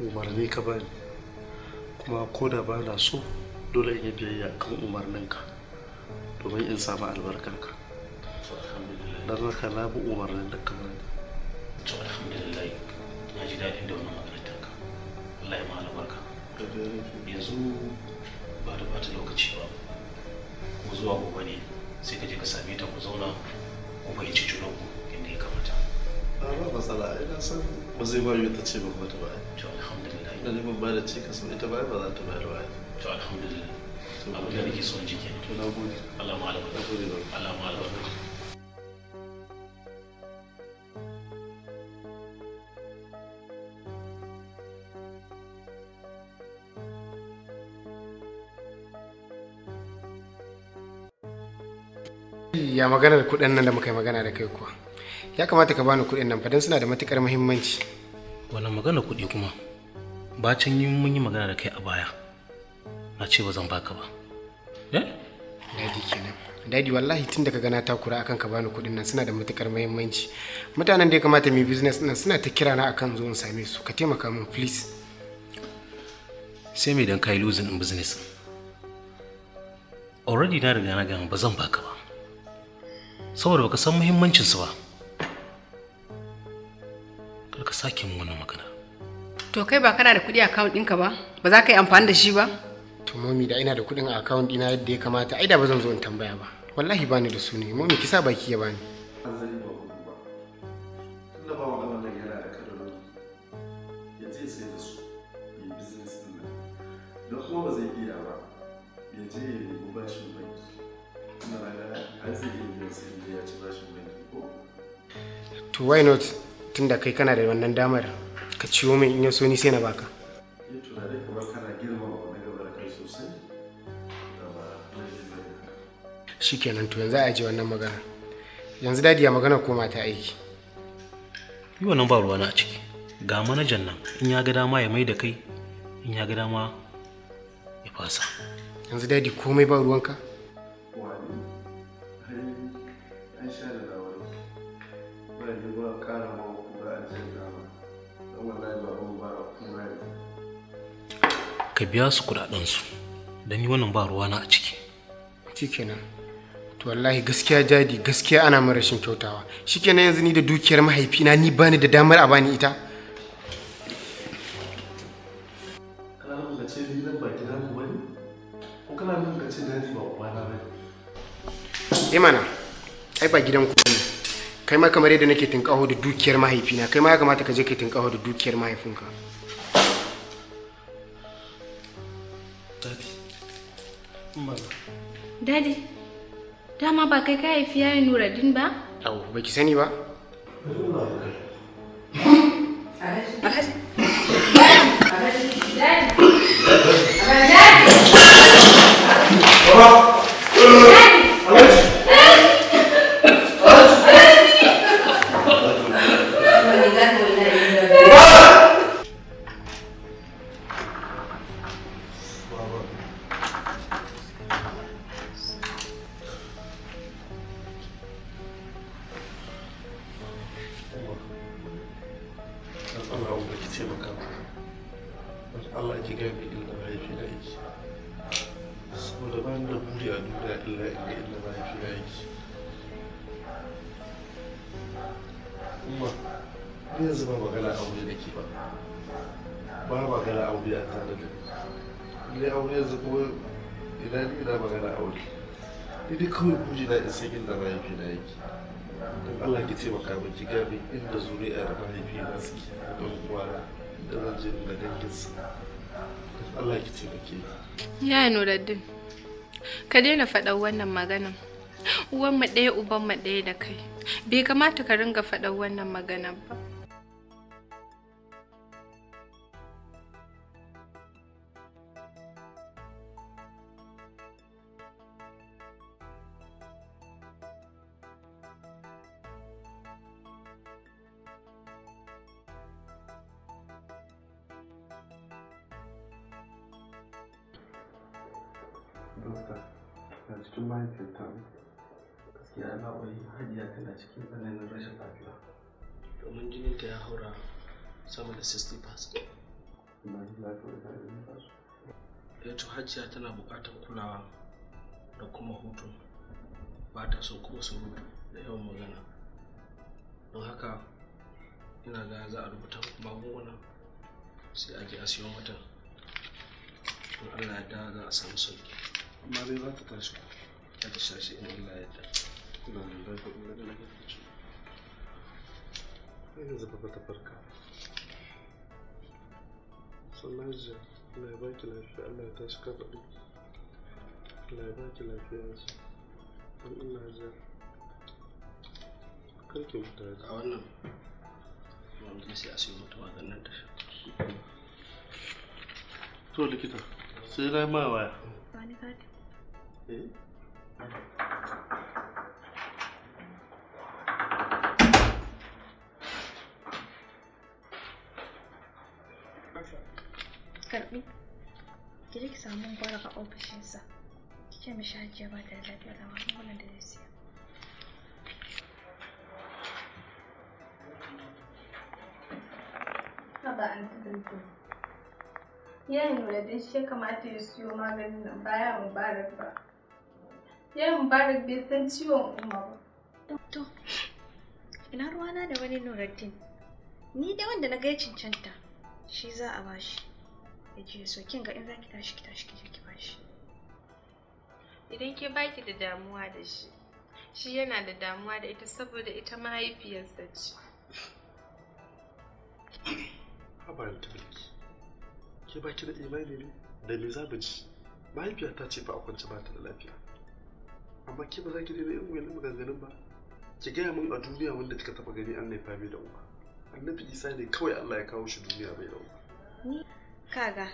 umarni ka bani kuma ko da ba na so dole in yi biyayya kan umarninka domin in samu ka don haka na bi umarnin da ka bani to alhamdulillah na ji daɗin da wannan maganar ka Allah ya mahala albarka yanzu ba da bata lokaci ba ko zuwa gobe ne sai ka je ka same ta ku zauna ku fahimci junanku ba matsala ina san ba zai bayu ta ce ba to alhamdulillah neman ba da ce ba ba za ta bayar ba to alhamdulillah abu da nake son na gode Allah ma ma albarka ya maganar kudin nan da muka yi magana da kai kuwa ya kamata ka bani kuɗin nan fadan suna da matukar muhimmanci wannan magana kuɗi kuma Ba can yi mun yi magana da kai a baya na ce ba zan baka ba Eh? dadi kenan dadi wallahi tun daga ka gana takura akan ka bani kuɗin nan suna da matukar muhimmanci mutanen da ya kamata mu business nan suna ta kira na akan zo in same su ka taimaka min please sai me dan kai losing in business already na riga na ga ba zan baka ba saboda baka san muhimmancin su ba ka sake min wannan magana to kai ba kana da kuɗi a account ɗinka ba ba za ka yi amfani da shi ba to momi da ina da kuɗin a account ɗina yadda ya kamata ai da ba zan zo in tambaya ba wallahi bani da su ne momi ki sa baki ya bani to why not tun da kai kana da wannan damar ka ciwo min in ya ni sai na baka eh shikenan to yanzu a ji wannan magana yanzu dadi ya magana koma ta aiki yi wannan ba ruwa na ciki ga manajan nan in ya ga dama ya mai da kai in ya ga dama ya fasa yanzu dadi komai ba ruwanka ka biya su kudadensu don ni wannan ba ruwana a ciki shikenan to wallahi gaskiya jadi gaskiya ana mara rashin kyautawa shikenan yanzu ni da dukiyar mahaifina ni bani da damar a bani ita Eh mana, ai ba gidan ku ne. Kai ma kamar yadda nake tinkaho da dukiyar mahaifina, kai ma ya kamata ka je ka tinkaho da dukiyar mahaifinka. Dadi, dama ba kai ka haifi yayin Nuruddin ba? Au, ba ki sani ba? Dadi. Dadi. Dadi. ji gabi inda zuri'ar mahaifi na suke don kwana da zan je ga danginsa Allah ki taimake ya nuraddin ka daina faɗar wannan maganan uwanmu ɗaya uban ubanmu ɗaya da kai bai kamata ka ringa faɗar wannan maganan ba dokta na cikin mahaifiyarta gaskiya na wani hajiya tana cikin tsananin rashin lafiya domin ta ya haura sama da 60 past yato hajiya tana buƙatar kulawa da kuma hutu ba ta so kuma surutu da yawan magana don haka ina ga za a rubuta magunguna sai a ji a siyo allah ya da za a samu sauki amma dai za tashi ta shashi in Allah ya ina nan ina da nake tashi zaba ta farka jiya Allah ya baki lafiya Allah ya tashi ka faɗi Allah ya baki lafiya a wannan sai a to likita sai waya Karɓi. Kiri ki samu mubarak a ofishinsa. Kike mishi hajiya ba ta da lafiya da magungunan da zai siya. Haba an tuntun. Yayin da dai shi kamata ya siyo maganin nan baya mubarak ba. Ya Mubarak bai san ciwon umma ba. To, ina ruwana da wani Nuruddin. Ni dai wanda na gaya cancanta, shi za a bashi. Ya je so kin ga in za ki tashi ki tashi ki je ki bashi. Idan ke baki da damuwa da shi, shi yana da damuwa da ita saboda ita mahaifiyarsa ce. Habarin tabbaki, ke baki da imani ne da me za mu ji? Mahaifiyata ce ba a kwance ba ta da lafiya. amma ki ba za ki daina irin wannan maganganun ba ki gaya min a duniya wanda kika taba gani an nefa bai da uba annabi isa ne kawai allah ya kawo shi duniya bai da uba ni kaga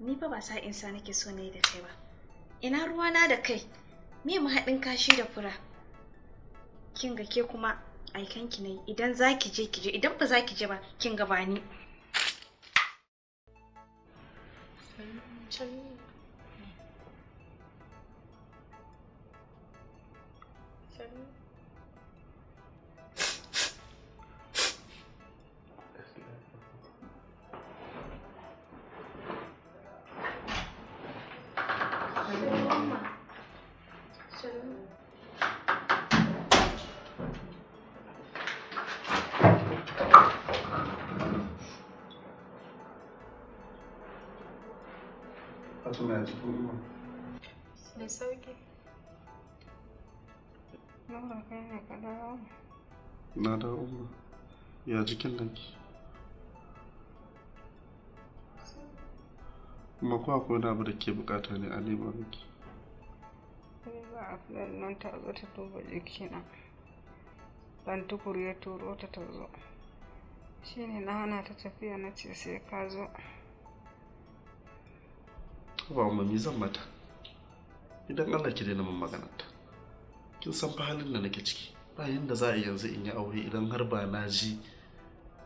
ni fa ba sa insa nake so ne da kai ba ina ruwana da kai me mu haɗin kashi da fura kin ga ke kuma aikan ki ne idan za ki je ki je idan ba za ki je ba kin ga ba ni Instagram. Faz o médico. Nem sabe o que. É. Allah kai ne ka dawo. Na dawo umma. Ya jikin naki? Kuma ko akwai wani abu da ke bukata ne a nema miki? Ni ba a filan nan ta zo ta duba jikina. Dan tukuru ya turo ta ta zo. Shi ne na hana ta tafiya na ce sai ka zo. Ba mu zan mata. Idan Allah ki daina min maganarta. kin san fa halin da nake ciki ba yanda za a yanzu in yi aure idan har ba na ji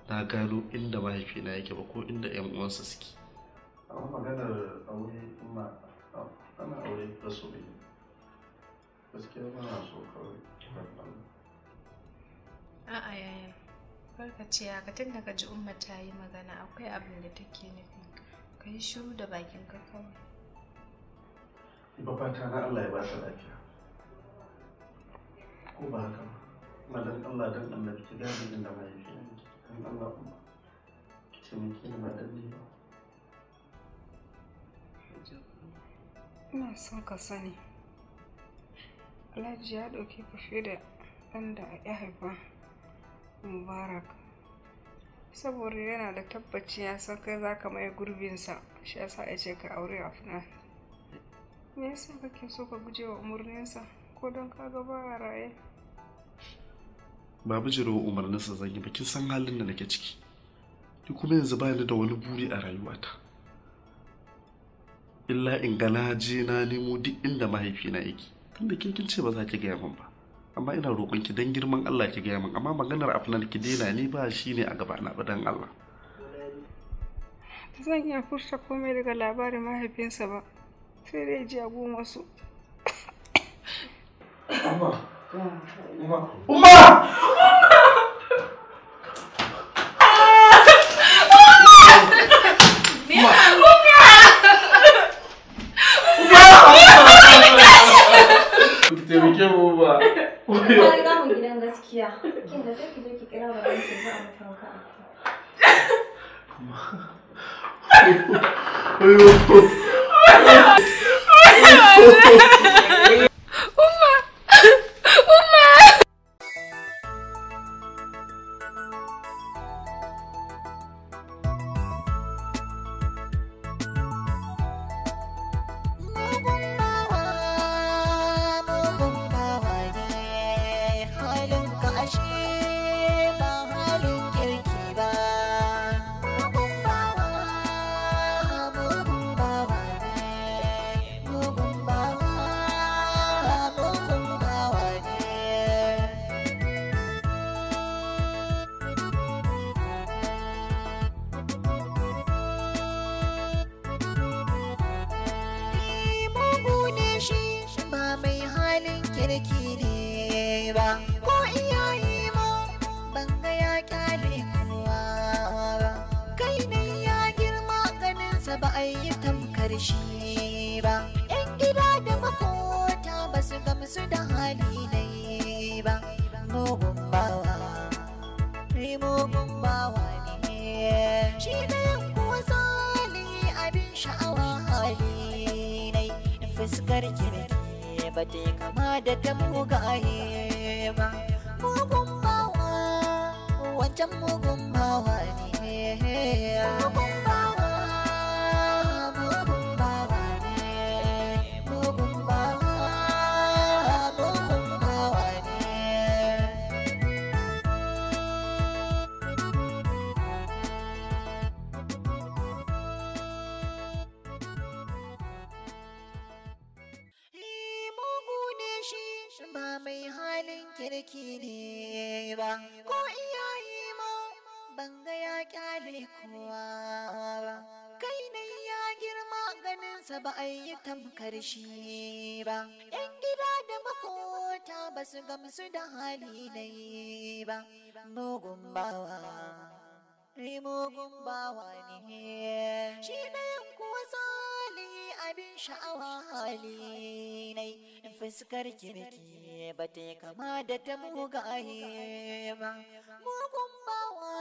na gano inda mahaifina yake ba ko inda yan uwansa suke amma maganar aure kuma ana aure da su ne gaskiya ba na so kawai a'a yaya farka ce haka tun daga ji umma ta yi magana akwai abin da take nufi ka yi shiru da bakin ka kawai ba fata na Allah ya ba ta lafiya ko ba haka ba, madan Allah dan Allah ki ga din da mai shi dan Allah kuma ki ce mu ki ba dan ne ina son ka sani Alhaji ya ɗauki ka da ɗan da ya haifa Mubarak saboda yana da tabbaci ya san kai za ka mai gurbinsa shi yasa ya ce ka aure a funa. me yasa kake so ka guje wa umarninsa kudin don kaga a raye ba umarninsa zan yi ba kin san halin da nake ciki Ki kuma yanzu ba ni da wani buri a rayuwata illa in ga na je na nemo duk inda mahaifina yake tunda ke kin ce ba za ki gaya min ba amma ina roƙon ki dan girman Allah ki gaya min amma maganar afnan ki dena ni ba shi ne a gaba na Allah zan iya furta komai daga labarin mahaifinsa ba sai dai ji a goma su Uma. Uma. Uma! Uma! 재밌게먹어봐오빠가뭐이런거시키야근데저기저귀깨라고하는친구아무경우가안돼어이구 ba ko iyaye ma ban ga ya kyale kowa ba kai ne ya girma ganinsa ba a yi tamkar ba yan gida da makota ba su gamsu da hali na yi ba mugun bawa Rimogun bawa ne, shi ɗayan kuwa tsali abin sha'awa hali nai, fuskar kirki ba ta yi kama da ta mugaye ba mugun bawa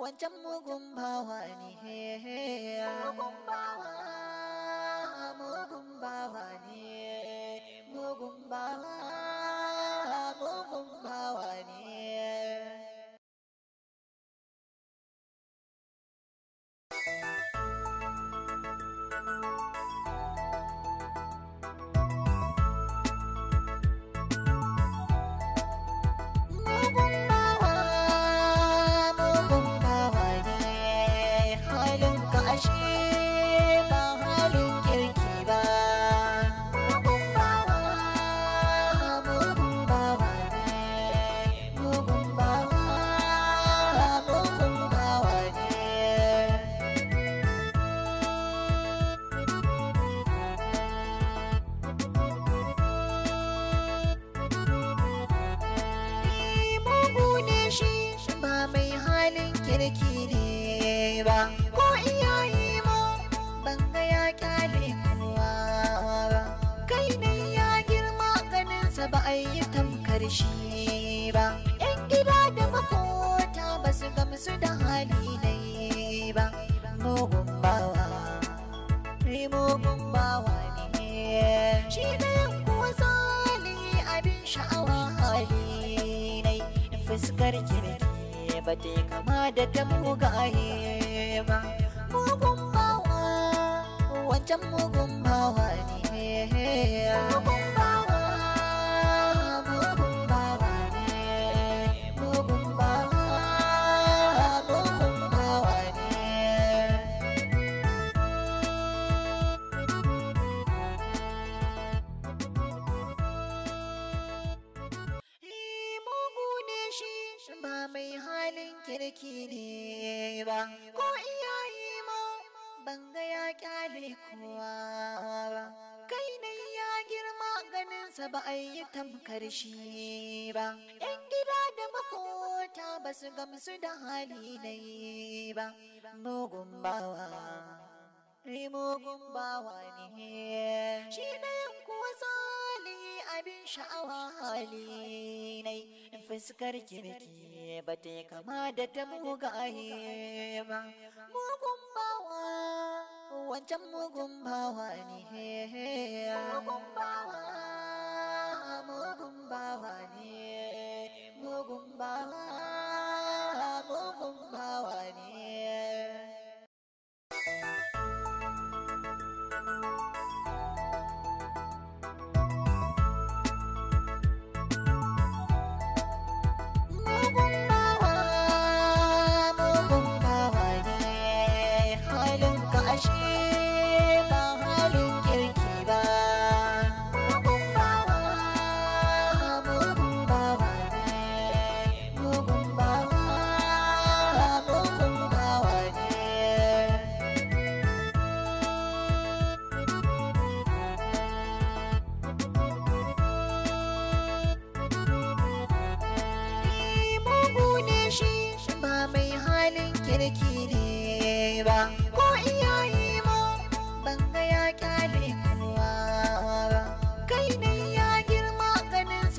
wancan mugun bawa ne mugun bawa mugun bawa ne mugun bawa fuskar ki ne ba ta kama da ta mugaye ba mugun bawa wancan mugun bawa ne sa ba a yi tamkar shi ba. ‘Yan gida da makota ba su gamsu da hali na yi ba, mugun bawa. Rimogun bawa ne, shi ɗayan kuwa tsali abin sha'awa hali ne, fuskar kirki ba ta kama da ta mugaye ba, mugun bawa. wancan mugun bawa ne mugun bawa mugun bawa ne mugun bawa mugun bawa ne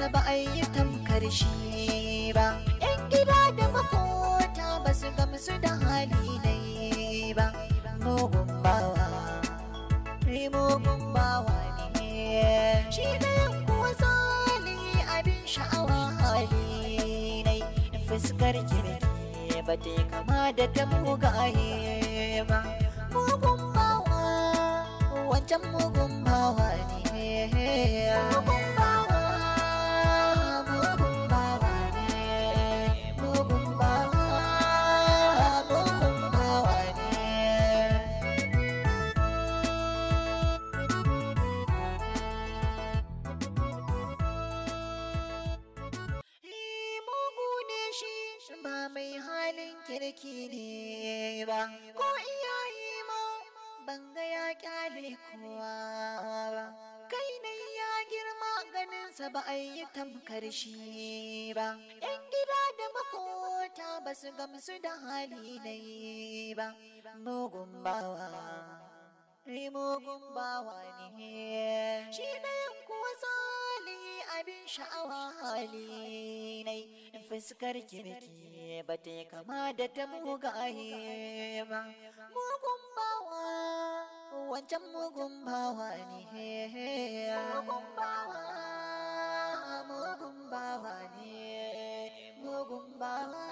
sa ba a yi tamkar shi ba yan gida da makota ba su gamsu da hali na ba mugun bawa ne mugun bawa ne shi da yan kuwa sali abin sha'awa hali ne fuskar kirki ba ta kama da ta mugaye ba mugun bawa wancan mugun bawa ne mugun kyale kai nai ya girma ganinsa ba a yi tamkar shi ba yan gida da makota ba su gamsu da hali dai ba mugun bawa ni mugun bawa ne shi ɗayan kuwa sali abin sha'awa hali nai fuskar kirki ba ta kama da ta mugaye ba mugun bawa wancan mugun bawa ne mugun bawa mugun bawa ne mugun bawa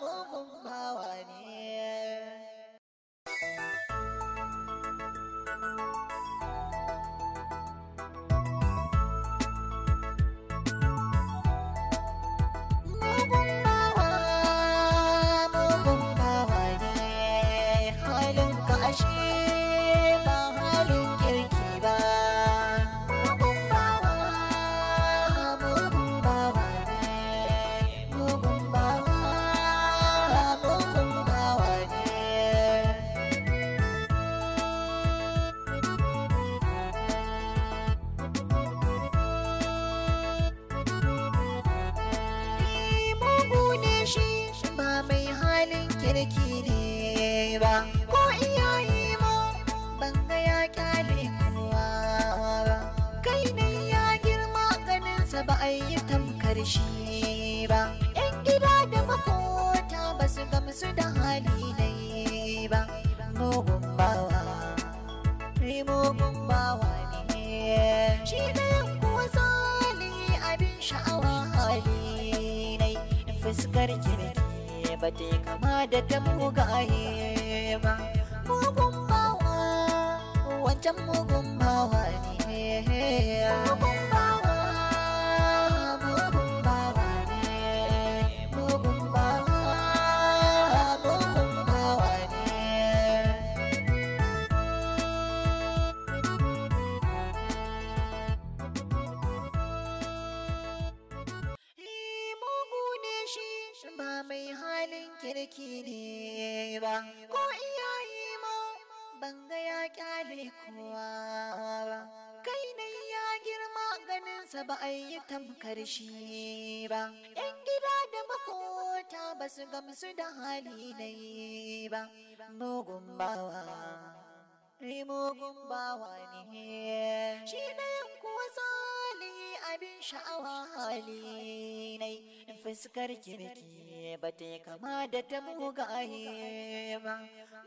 mugun bawa ne shi ba mai halin kirki ne ba ko iyaye ma ban ga ya kyale kowa ba kai ne ya girma ganinsa ba a yi kirki ba ta yi kama da ta mugaye ba mugun bawa wancan mugun bawa ne kirki ne ba ko iyaye ma ban ga ya kyale kowa ba kai ne ya girma ganinsa ba a yi tamkar shi ba yan gida da makota ba su gamsu da hali na yi ba mugun bawa ni mugun bawa ne shi ɗayan kuwa tsali abin sha'awa hali nai fuskar kirki ba ta yi kama da ta mugaye ba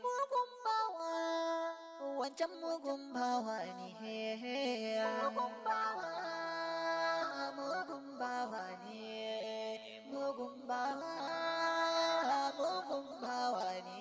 mugun bawa wancan mugun bawa ne mugun bawa mugun bawa ne mugun bawa mugun bawa ne